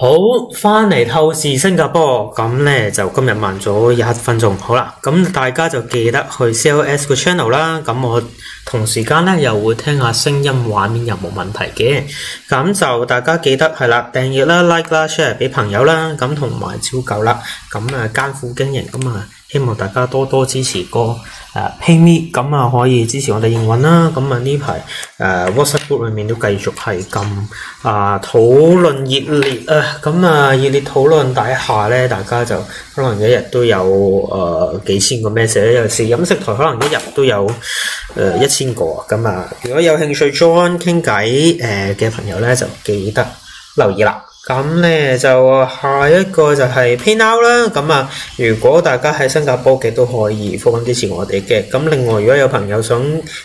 好，翻嚟透視新加坡，咁呢，就今日慢咗一分鐘，好啦，咁大家就記得去 CLS 個 channel 啦，咁我同時間呢，又會聽下聲音，畫面又冇問題嘅，咁就大家記得係啦，訂閱啦、like 啦、share 俾朋友啦，咁同埋照舊啦，咁啊艱苦經營，咁啊希望大家多多支持哥。誒，PayMe 咁啊，uh, me, 可以支持我哋營運啦。咁啊，呢排誒，WhatsApp group 裏面都繼續係咁啊，uh, 討論熱烈啊。咁、uh, 啊，熱烈討論底下咧，大家就可能一日都有誒、呃、幾千個 message，有時飲食台可能一日都有誒、呃、一千個。咁啊，如果有興趣 join 傾偈誒嘅朋友咧，就記得留意啦。咁咧就下一個就係 PayNow 啦，咁啊，如果大家喺新加坡嘅都可以付款支持我哋嘅。咁另外如果有朋友想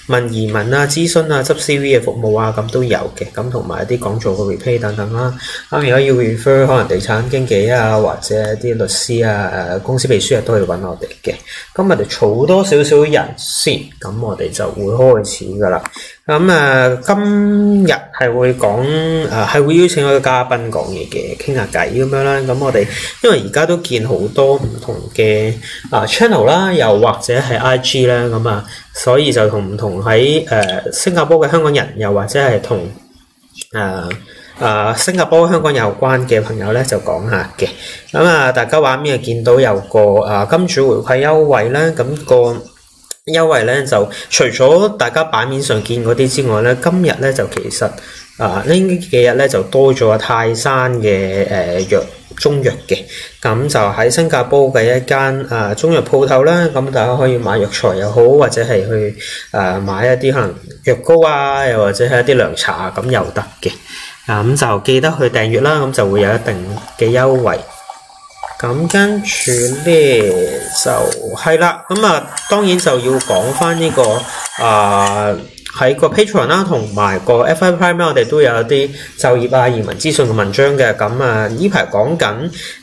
問移民啊、諮詢啊、執 CV 嘅服務啊，咁都有嘅，咁同埋一啲講座嘅 replay 等等啦，咁如果要 refer 可能地產經紀啊或者啲律師啊、誒公司秘書啊都可以揾我哋嘅，咁我哋儲多少少人先，咁我哋就會開始噶啦。咁啊、嗯，今日係會講，啊、呃、係會邀請一個嘉賓講嘢嘅，傾下偈咁樣啦。咁、嗯、我哋因為而家都見好多唔同嘅啊 channel 啦，又或者係 I G 啦，咁、嗯、啊，所以就同唔同喺誒新加坡嘅香港人，又或者係同、呃、啊啊新加坡香港有關嘅朋友咧，就講下嘅。咁、嗯、啊，大家話邊度見到有個啊金主回饋優惠啦，咁、嗯、個。優惠咧就除咗大家版面上見嗰啲之外咧，今日咧就其實啊、呃、呢幾日咧就多咗泰山嘅誒藥中藥嘅，咁就喺新加坡嘅一間啊、呃、中藥店鋪頭啦，咁大家可以買藥材又好，或者係去誒、呃、買一啲可能藥膏啊，又或者係一啲涼茶啊，咁又得嘅，啊咁就記得去訂閱啦，咁就會有一定嘅優惠。咁跟住咧就係啦，咁啊當然就要講翻呢個啊。呃喺個 Patreon 啦，同埋個 FI Prime 咧，我哋都有啲就業啊移民資訊嘅文章嘅、呃。咁啊，呢排講緊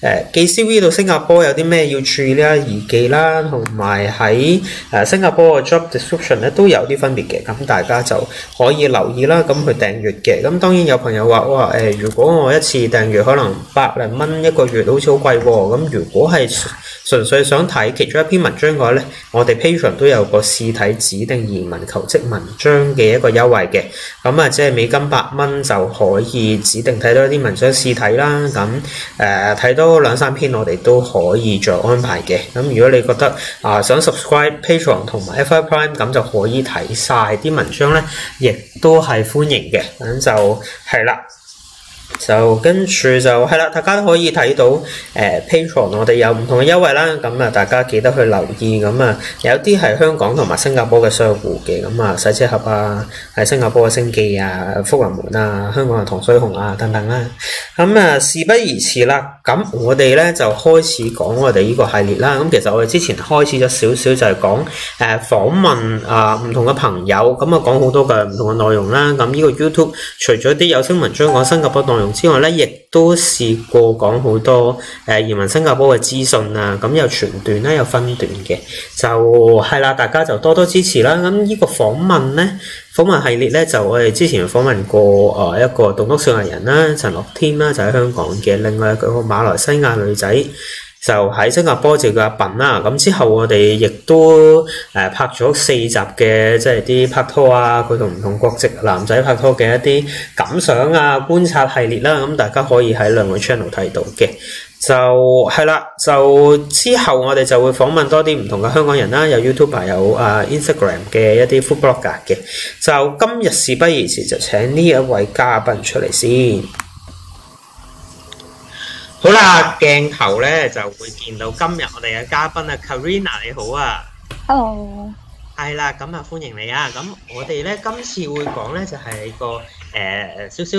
誒寄 CV 到新加坡有啲咩要注意呢移記啦、疑忌啦，同埋喺誒新加坡嘅 job description 咧都有啲分別嘅。咁大家就可以留意啦，咁去訂閱嘅。咁當然有朋友話，哇誒、呃，如果我一次訂閱可能百零蚊一個月好、喔，好似好貴喎。咁如果係純粹想睇其中一篇文章嘅話咧，我哋 Patreon 都有個試睇指定移民求職文章。嘅一個優惠嘅，咁啊，即係美金八蚊就可以指定睇到一啲文章試睇啦。咁誒，睇、呃、多兩三篇我哋都可以再安排嘅。咁如果你覺得啊、呃、想 subscribe Patreon 同埋 FI Prime，咁就可以睇晒啲文章咧，亦都係歡迎嘅。咁就係啦。就跟住就係啦，大家都可以睇到誒、呃、Patreon 我哋有唔同嘅優惠啦，咁啊大家記得去留意，咁啊有啲係香港同埋新加坡嘅商戶嘅，咁啊洗車盒啊，係新加坡嘅星記啊、福臨門啊、香港嘅糖水紅啊等等啦，咁啊事不宜遲啦，咁我哋咧就開始講我哋呢個系列啦，咁其實我哋之前開始咗少少就係講誒訪問啊唔、呃、同嘅朋友，咁啊講好多嘅唔同嘅內容啦，咁呢個 YouTube 除咗啲有聲文章講新加坡當之外咧，亦都試過講好多誒、呃、移民新加坡嘅資訊啊！咁有全段咧，有分段嘅，就係啦，大家就多多支持啦。咁呢個訪問呢，訪問系列呢，就我哋之前訪問過誒、呃、一個獨屋小藝人啦，陳樂天啦，就喺香港嘅，另外一個馬來西亞女仔。就喺新加坡照做阿笨啦，咁之後我哋亦都誒、呃、拍咗四集嘅，即係啲拍拖啊，佢同唔同國籍男仔拍拖嘅一啲感想啊、觀察系列啦，咁大家可以喺兩個 channel 睇到嘅，就係啦，就之後我哋就會訪問多啲唔同嘅香港人啦，有 YouTuber 有啊 Instagram 嘅一啲 food blogger 嘅，就今日事不宜遲，就請呢一位嘉賓出嚟先。好啦，鏡頭咧就會見到今日我哋嘅嘉賓啊，Karina 你好啊，Hello，係啦，咁啊歡迎你啊，咁我哋咧今次會講咧就係個誒少少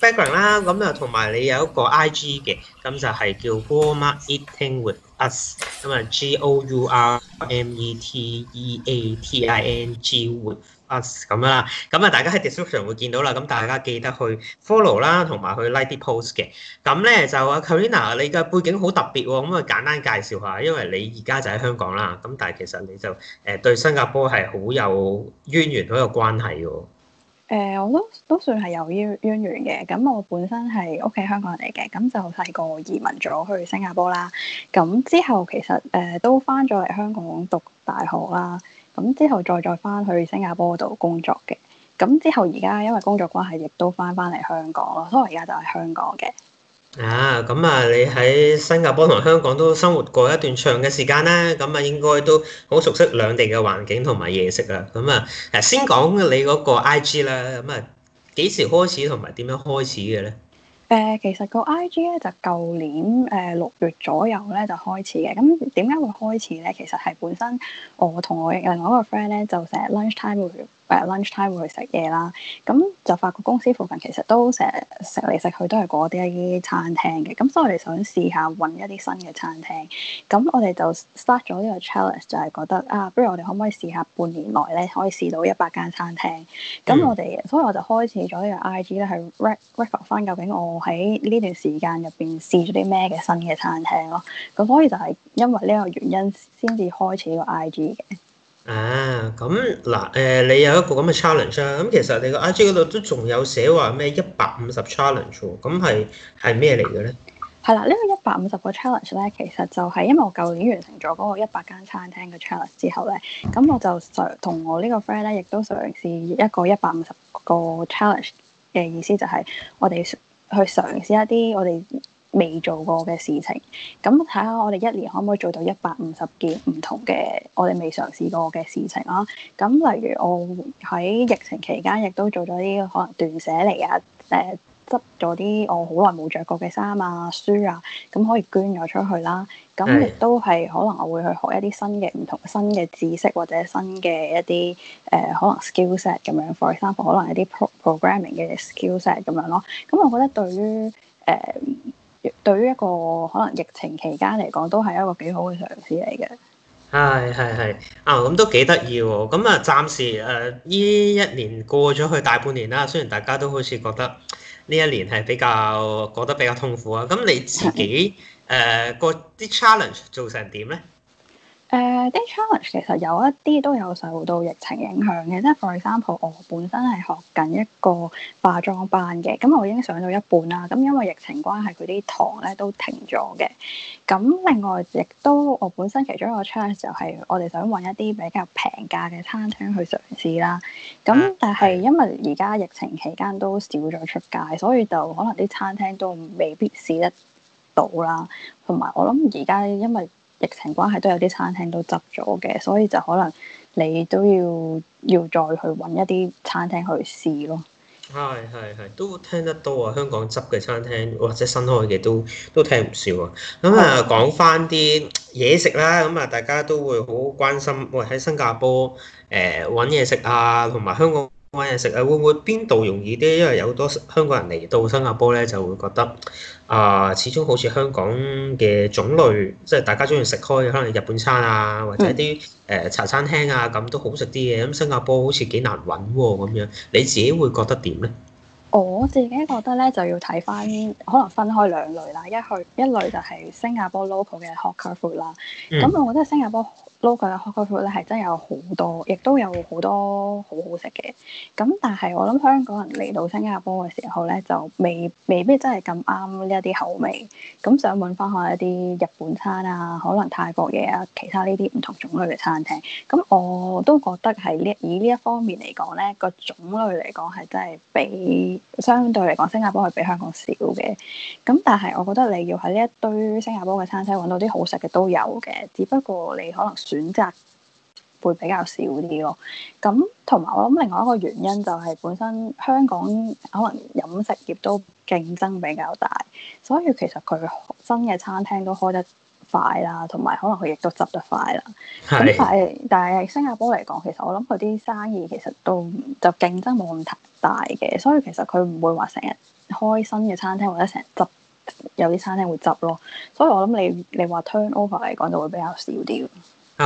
background 啦，咁啊同埋你有一個 IG 嘅，咁就係叫 Gourmet Eating with Us，咁啊 G O U R M E T E A T I N G with。啊咁啦，咁啊大家喺 description 會見到啦，咁大家記得去 follow 啦，同埋去 like 啲 post 嘅。咁咧就阿 Karina，你嘅背景好特別喎，哦，咁啊簡單介紹下，因為你而家就喺香港啦，咁但係其實你就誒對新加坡係好有淵源，好有關係嘅。誒、欸，我都都算係有淵源嘅。咁我本身係屋企香港人嚟嘅，咁就細個移民咗去新加坡啦。咁之後其實誒、呃、都翻咗嚟香港讀大學啦。咁之後再再翻去新加坡度工作嘅，咁之後而家因為工作關係，亦都翻翻嚟香港咯，所以而家就喺香港嘅。啊，咁啊，你喺新加坡同香港都生活過一段長嘅時間啦，咁啊應該都好熟悉兩地嘅環境同埋嘢食啦。咁啊，誒先講你嗰個 IG 啦，咁啊幾時開始同埋點樣開始嘅咧？誒、呃，其實個 IG 咧就舊年誒六、呃、月左右咧就開始嘅，咁點解會開始咧？其實係本身我同我另外一個 friend 咧就成日 lunch time 會。誒 lunch time 會去食嘢啦，咁就發覺公司附近其實都成日食嚟食去都係嗰啲一啲餐廳嘅，咁所以我哋想試下揾一啲新嘅餐廳，咁我哋就 start 咗呢個 challenge，就係覺得啊，不如我哋可唔可以試下半年內呢，可以試到一百間餐廳？咁我哋、嗯、所以我就開始咗呢個 IG 咧，係 rec recall 返究竟我喺呢段時間入邊試咗啲咩嘅新嘅餐廳咯。咁所以就係因為呢個原因先至開始個 IG 嘅。啊，咁嗱，誒、呃，你有一個咁嘅 challenge 啊，咁其實你個 I G 嗰度都仲有寫話咩一百五十 challenge 喎，咁係係咩嚟嘅咧？係啦，呢、呢個一百五十個 challenge 咧，其實就係因為我舊年完成咗嗰個一百間餐廳嘅 challenge 之後咧，咁我就嘗同我呢個 friend 咧，亦都嘗試一個一百五十個 challenge 嘅意思，就係我哋去嘗試一啲我哋未做過嘅事情，咁睇下我哋一年可唔可以做到一百五十件唔同嘅我哋未嘗試過嘅事情啊！咁例如我喺疫情期間，亦都做咗啲可能斷捨離啊，誒執咗啲我好耐冇着過嘅衫啊、書啊，咁可以捐咗出去啦。咁亦都係可能我會去學一啲新嘅唔同新嘅知識或者新嘅一啲誒、呃、可能 skillset 咁樣，for example 可能一啲 pro, programming 嘅 skillset 咁樣咯。咁我覺得對於誒～、呃對於一個可能疫情期間嚟講，都係一個幾好嘅嘗試嚟嘅。係係係啊，咁、哦、都幾得意喎！咁、嗯、啊，暫時誒呢、呃、一年過咗去大半年啦。雖然大家都好似覺得呢一年係比較過得比較痛苦啊。咁你自己誒個啲 challenge 做成點咧？誒啲、uh, challenge 其實有一啲都有受到疫情影響嘅，即係 for example，我本身係學緊一個化妝班嘅，咁我已經上到一半啦。咁因為疫情關係，佢啲堂咧都停咗嘅。咁另外，亦都我本身其中一個 challenge 就係我哋想搵一啲比較平價嘅餐廳去嘗試啦。咁但係因為而家疫情期間都少咗出街，所以就可能啲餐廳都未必試得到啦。同埋我諗而家因為疫情關係，都有啲餐廳都執咗嘅，所以就可能你都要要再去搵一啲餐廳去試咯。係係係，都聽得多啊！香港執嘅餐廳或者新開嘅都都聽唔少啊。咁啊，講返啲嘢食啦，咁啊，大家都會好關心。喂，喺新加坡誒搵嘢食啊，同埋香港。買嘢食啊，會唔會邊度容易啲？因為有好多香港人嚟到新加坡咧，就會覺得啊、呃，始終好似香港嘅種類，即係大家中意食開，可能日本餐啊，或者啲誒茶餐廳啊，咁都好食啲嘅。咁新加坡好似幾難搵咁樣，你自己會覺得點咧？我自己覺得咧，就要睇翻，可能分開兩類啦。一去一類就係新加坡 local 嘅 hawker food 啦。咁我覺得新加坡。local 嘅 coffee 咧，係真係有好多，亦都有好多好好食嘅。咁但係我諗香港人嚟到新加坡嘅時候咧，就未未必真係咁啱呢一啲口味。咁想揾翻下一啲日本餐啊，可能泰國嘢啊，其他呢啲唔同種類嘅餐廳。咁我都覺得係呢，以呢一方面嚟講咧，個種類嚟講，係真係比相對嚟講新加坡係比香港少嘅。咁但係我覺得你要喺呢一堆新加坡嘅餐廳，揾到啲好食嘅都有嘅，只不過你可能選擇會比較少啲咯。咁同埋，我諗另外一個原因就係本身香港可能飲食業都競爭比較大，所以其實佢新嘅餐廳都開得快啦，同埋可能佢亦都執得快啦。咁是但係但係新加坡嚟講，其實我諗佢啲生意其實都就競爭冇咁大嘅，所以其實佢唔會話成日開新嘅餐廳或者成日執有啲餐廳會執咯。所以我諗你你話 turnover 嚟講就會比較少啲。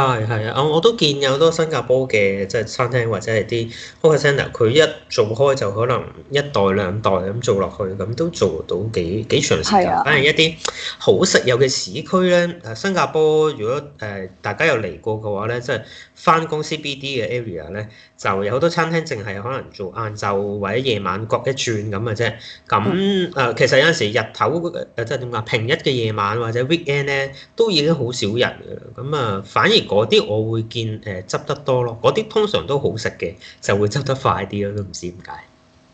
係係啊，我都見有好多新加坡嘅即係餐廳或者係啲 c o c e r i n a 佢一做開就可能一代兩代咁做落去，咁都做到幾幾長時間。啊、反而一啲好食有嘅市區咧，新加坡如果誒、呃、大家有嚟過嘅話咧，即係翻公司 B.D 嘅 area 咧，就有好多餐廳淨係可能做晏晝或者夜晚各一轉咁嘅啫。咁誒、啊呃、其實有陣時日頭即係點講？平日嘅夜晚或者 weekend 咧，都已經好少人。咁啊，反而～嗰啲我會見誒執、uh, 得多咯，嗰啲通常都好食嘅，就會執得快啲咯，都唔知點解。誒、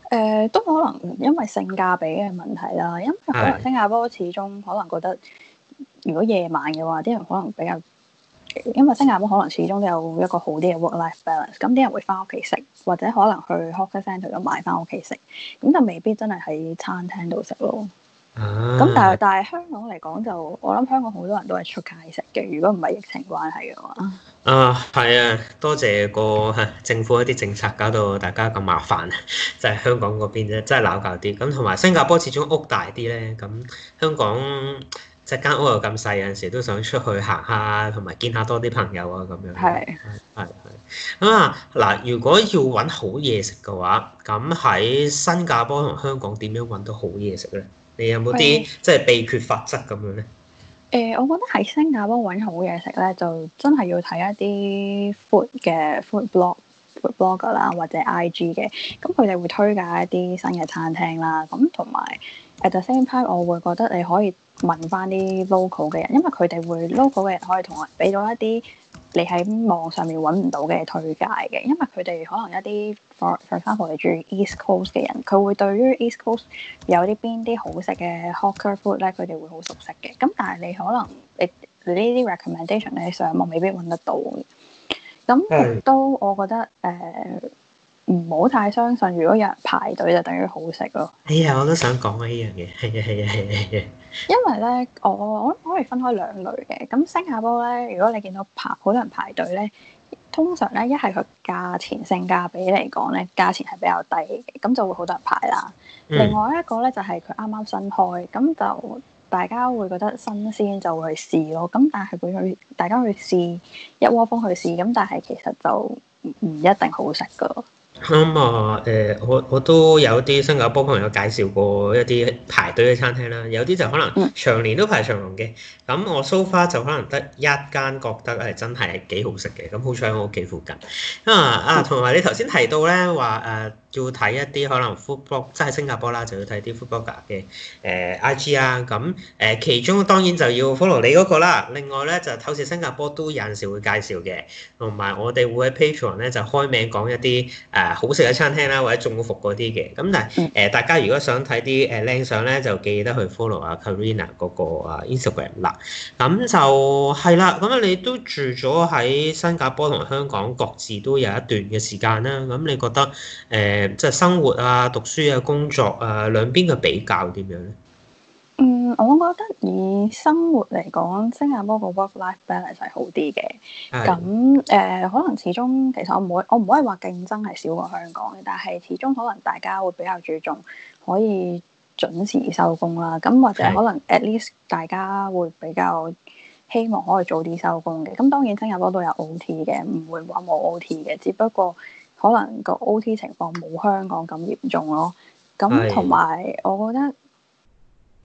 呃，都可能因為性價比嘅問題啦，因為可能新加坡始終可能覺得，如果夜晚嘅話，啲人可能比較，因為新加坡可能始終都有一個好啲嘅 work-life balance，咁啲人會返屋企食，或者可能去 Hawker Centre 度買返屋企食，咁就未必真係喺餐廳度食咯。咁、啊、但係但係香港嚟講就我諗香港好多人都係出街食嘅，如果唔係疫情關係嘅話。啊，係啊，多謝個政府一啲政策搞到大家咁麻煩，就係、係、香港嗰邊真係鬧鳩啲。咁同埋新加坡始終屋大啲咧，咁香港即係間屋又咁細，有陣時都想出去行下，同埋見下多啲朋友啊咁樣。係係係。咁啊嗱，如果要揾好嘢食嘅話，咁喺新加坡同香港點樣揾到好嘢食咧？你有冇啲以即係秘訣法則咁樣咧？誒、欸，我覺得喺新加坡搵好嘢食咧，就真係要睇一啲 food 嘅 food blog、food blogger blog 啦，或者 IG 嘅，咁佢哋會推介一啲新嘅餐廳啦。咁同埋 at the same time，我會覺得你可以，問翻啲 local 嘅人，因為佢哋會 local 嘅人可以同我俾到一啲你喺網上面揾唔到嘅推介嘅，因為佢哋可能一啲 for example 你住 East Coast 嘅人，佢會對於 East Coast 有啲邊啲好食嘅 hawker food 咧，佢哋會好熟悉嘅。咁但係你可能你呢啲 recommendation 你上網未必揾得到嘅。咁都我覺得誒。呃唔好太相信，如果有人排隊就等於好食咯。哎呀， 我都想講啊呢樣嘢。係啊，係啊，係啊，因為咧，我我可以分開兩類嘅。咁 那 新加坡咧，如果你見到排好多人排隊咧，通常咧一係佢價錢性價比嚟講咧，價錢係比較低嘅，咁就會好多人排啦。嗯、另外一個咧就係佢啱啱新開，咁就大家會覺得新鮮，就會去試咯。咁但係會去大家去試一窩蜂去試，咁但係其實就唔一定好食噶。咁啊，誒、嗯嗯，我我都有啲新加坡朋友介紹過一啲排隊嘅餐廳啦，有啲就可能長年都排長龍嘅。咁、嗯、我 so far 就可能得一間覺得係真係幾好食嘅，咁、嗯、好彩我屋企附近。啊、嗯、啊，同埋你頭先提到咧話誒。要睇一啲可能 food blog，即係新加坡啦，就要睇啲 food blogger 嘅誒 IG 啊，咁、啊、誒其中當然就要 follow 你嗰個啦。另外咧就透視新加坡都有陣時會介紹嘅，同埋我哋會喺 Patreon 咧就開名講一啲誒、啊、好食嘅餐廳啦，或者中伏嗰啲嘅。咁但係誒、啊、大家如果想睇啲誒靚相咧，就記得去 follow 啊 Karina 嗰個啊 Instagram 啦。咁、啊、就係啦，咁你都住咗喺新加坡同香港各自都有一段嘅時間啦、啊。咁你覺得誒，啊即係生活啊、讀書啊、工作啊兩邊嘅比較點樣咧？嗯，我覺得以生活嚟講，新加坡個 work-life balance 係好啲嘅。咁誒的、呃，可能始終其實我唔會，我唔可以話競爭係少過香港嘅。但係始終可能大家會比較注重可以準時收工啦。咁或者可能 at least 大家會比較希望可以早啲收工嘅。咁當然新加坡都有 OT 嘅，唔會話冇 OT 嘅，只不過。可能個 OT 情況冇香港咁嚴重咯，咁同埋我覺得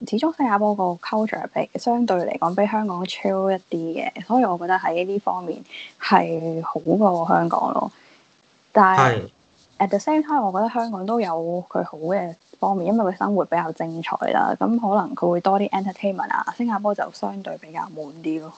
始終新加坡個 culture 比相對嚟講比香港 chill 一啲嘅，所以我覺得喺呢方面係好過香港咯。但係 at the same time，我覺得香港都有佢好嘅方面，因為佢生活比較精彩啦。咁可能佢會多啲 entertainment 啊，新加坡就相對比較悶啲咯。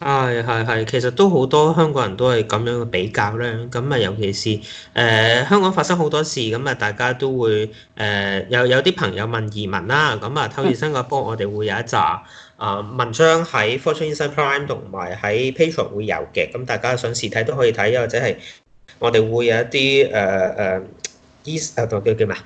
係係係，其實都好多香港人都係咁樣嘅比較咧。咁啊，尤其是誒、呃、香港發生好多事，咁啊，大家都會誒、呃、有有啲朋友問移民啦。咁啊，透視新加坡，我哋會有一集啊、呃、文章喺 Fortune Insight Prime 同埋喺 Patreon 會有嘅。咁大家想試睇都可以睇，或者係我哋會有一啲誒誒，依、呃呃、啊同叫叫咩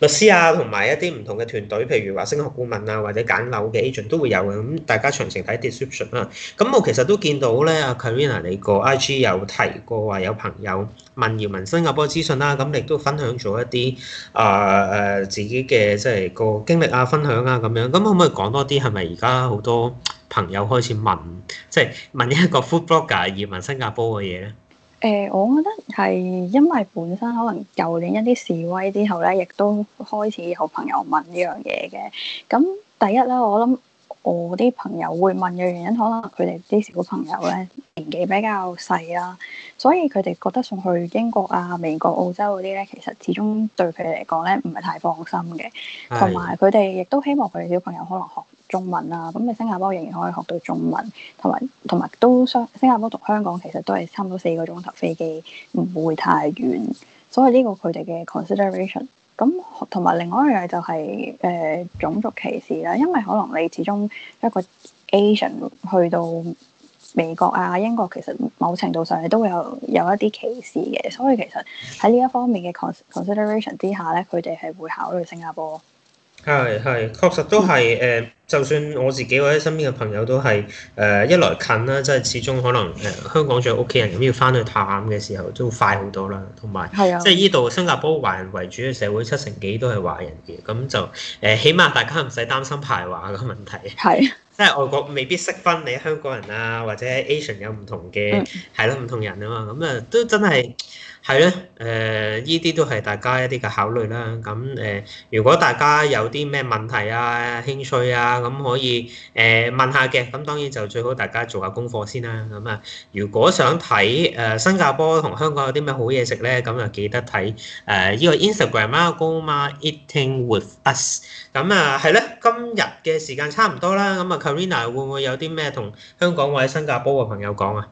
律師啊，同埋一啲唔同嘅團隊，譬如話升學顧問啊，或者揀樓嘅 agent 都會有嘅。咁大家詳情睇 description 啦。咁我其實都見到咧，阿 Karina 你個 IG 有提過話有朋友問移民新加坡資訊啦。咁亦都分享咗一啲啊誒自己嘅即係個經歷啊、分享啊咁樣。咁可唔可以講多啲？係咪而家好多朋友開始問，即係問一個 food blogger 移民新加坡嘅嘢咧？誒、欸，我覺得係因為本身可能舊年一啲示威之後咧，亦都開始有朋友問呢樣嘢嘅。咁第一咧，我諗我啲朋友會問嘅原因，可能佢哋啲小朋友咧年紀比較細啦、啊，所以佢哋覺得送去英國啊、美國、澳洲嗰啲咧，其實始終對佢哋嚟講咧唔係太放心嘅。同埋佢哋亦都希望佢哋小朋友可能學。中文啊，咁你新加坡仍然可以學到中文，同埋同埋都相。新加坡同香港其實都係差唔多四個鐘頭飛機，唔會太遠。所以呢個佢哋嘅 consideration，咁同埋另外一樣嘢就係、是、誒、呃、種族歧視啦。因為可能你始終一個 Asian 去到美國啊、英國，其實某程度上你都會有有一啲歧視嘅。所以其實喺呢一方面嘅 consideration 之下咧，佢哋係會考慮新加坡。係係，確實都係誒。嗯就算我自己或者身邊嘅朋友都係誒一來近啦，即係始終可能誒香港仲有屋企人，咁要翻去探嘅時候都會快好多啦。同埋、啊、即係呢度新加坡華人為主嘅社會，七成幾都係華人嘅，咁就誒、呃、起碼大家唔使擔心排華嘅問題。係是，即係外國未必識分你香港人啊，或者 Asian 有唔同嘅係咯，唔同人啊嘛，咁啊都真係係咯，誒呢啲都係大家一啲嘅考慮啦。咁誒如果大家有啲咩問題啊興趣啊～咁可以誒問下嘅，咁當然就最好大家做下功課先啦。咁啊，如果想睇誒新加坡同香港有啲咩好嘢食咧，咁就記得睇誒呢個 Instagram 啊，Gourmet Eating with us。咁啊，係咧，今日嘅時間差唔多啦。咁啊，Karina 會唔會有啲咩同香港或者新加坡嘅朋友講啊？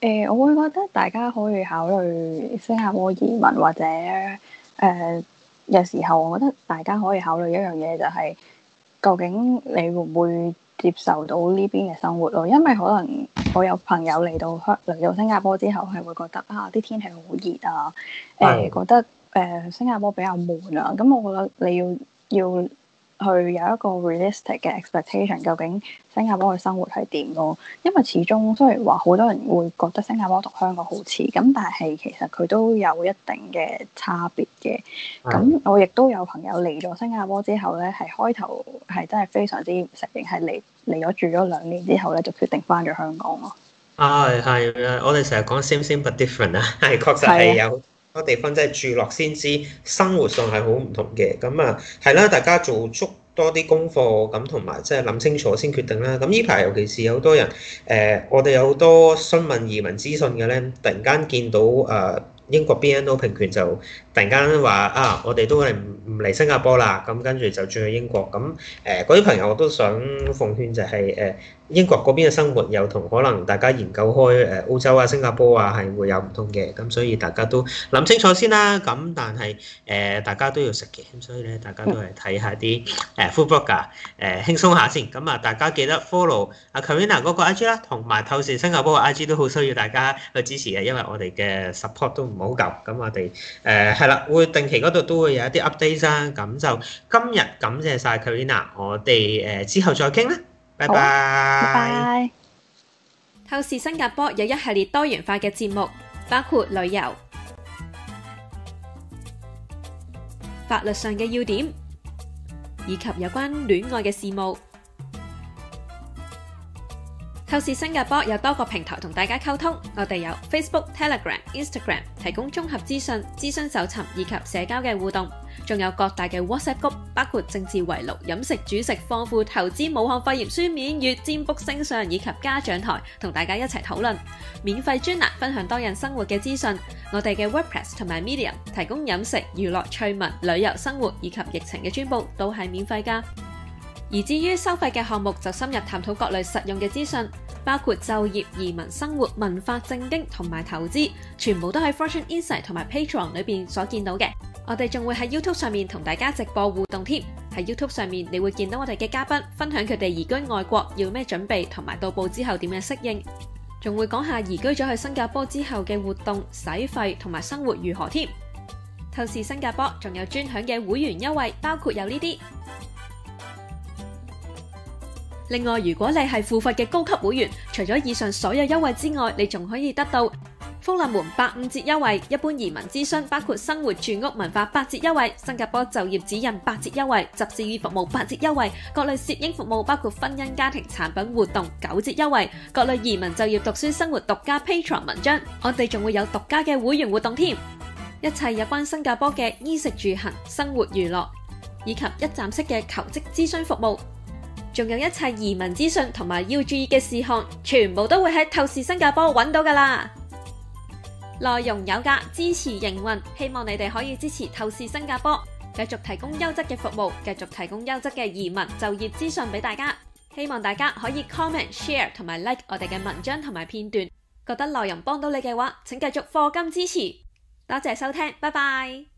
誒、欸，我會覺得大家可以考慮新加坡移民，或者誒、呃、有時候，我覺得大家可以考慮一樣嘢就係、是。究竟你會唔會接受到呢邊嘅生活咯？因為可能我有朋友嚟到香嚟到新加坡之後，係會覺得啊，啲天氣好熱啊，誒、啊呃、覺得誒、呃、新加坡比較悶啊，咁我覺得你要要去有一個 realistic 嘅 expectation，究竟新加坡嘅生活係點咯？因為始終雖然話好多人會覺得新加坡同香港好似，咁但係其實佢都有一定嘅差別嘅。咁我亦都有朋友嚟咗新加坡之後咧，係開頭係真係非常之唔適應，係嚟嚟咗住咗兩年之後咧，就決定翻咗香港咯。啊係啊，我哋成日講 same same but different 啊，係確實係有。個地方即係住落先知，生活上係好唔同嘅。咁啊，係啦，大家做足多啲功課，咁同埋即係諗清楚先決定啦。咁呢排尤其是好多人，誒、呃，我哋有好多詢問移民資訊嘅咧，突然間見到誒、呃、英國 BNO 平權就突然間話啊，我哋都係唔嚟新加坡啦，咁跟住就轉去英國。咁誒，嗰、呃、啲朋友我都想奉勸就係、是、誒。呃英國嗰邊嘅生活又同可能大家研究開誒歐洲啊、新加坡啊係會有唔同嘅，咁所以大家都諗清楚先啦。咁但係誒、呃、大家都要食嘅，咁所以咧大家都係睇下啲誒、呃、food blogger 誒、呃、輕鬆下先。咁啊，大家記得 follow 阿、啊、Karina 嗰個 IG 啦，同埋透視新加坡嘅 IG 都好需要大家去支持嘅，因為我哋嘅 support 都唔好夠。咁我哋誒係啦，會定期嗰度都會有一啲 update 啦。咁就今日感謝晒 Karina，我哋誒、呃、之後再傾啦。好啊！拜拜。拜拜。透視新加坡有一系列多元化嘅節目，包括旅遊、法律上嘅要點，以及有關戀愛嘅事務。透視新加坡有多個平台同大家溝通，我哋有 Facebook、Telegram、Instagram 提供綜合資訊、諮詢搜尋以及社交嘅互動，仲有各大嘅 WhatsApp group，包括政治、圍爐、飲食、煮食、豐富投資、武漢肺炎、書面、月佔卜、星相以及家長台，同大家一齊討論免費專欄，分享多人生活嘅資訊。我哋嘅 WordPress 同埋 Medium 提供飲食、娛樂、趣聞、旅遊、生活以及疫情嘅專報，都係免費㗎。而至於收費嘅項目，就深入探討各類實用嘅資訊。包括就業、移民、生活、文化、政經同埋投資，全部都喺 Fortune Insight 同埋 Patreon 裏邊所見到嘅。我哋仲會喺 YouTube 上面同大家直播互動添。喺 YouTube 上面你會見到我哋嘅嘉賓分享佢哋移居外國要咩準備同埋到步之後點樣適應，仲會講下移居咗去新加坡之後嘅活動、使費同埋生活如何添。透視新加坡仲有專享嘅會員優惠，包括有呢啲。另外，如果你係付費嘅高級會員，除咗以上所有優惠之外，你仲可以得到福臨門八五折優惠、一般移民諮詢、包括生活住屋文化八折優惠、新加坡就業指引八折優惠、雜事與服務八折優惠、各類攝影服務包括婚姻家庭產品活動九折優惠、各類移民就業讀書生活獨家 Patreon 文章，我哋仲會有獨家嘅會員活動添，一切有關新加坡嘅衣食住行、生活娛樂以及一站式嘅求職諮詢服務。仲有一切移民資訊同埋要注意嘅事項，全部都會喺透視新加坡搵到㗎喇。內容有價，支持營運，希望你哋可以支持透視新加坡，繼續提供優質嘅服務，繼續提供優質嘅移民就業資訊俾大家。希望大家可以 comment、share 同埋 like 我哋嘅文章同埋片段。覺得內容幫到你嘅話，請繼續課金支持。多謝收聽，拜拜。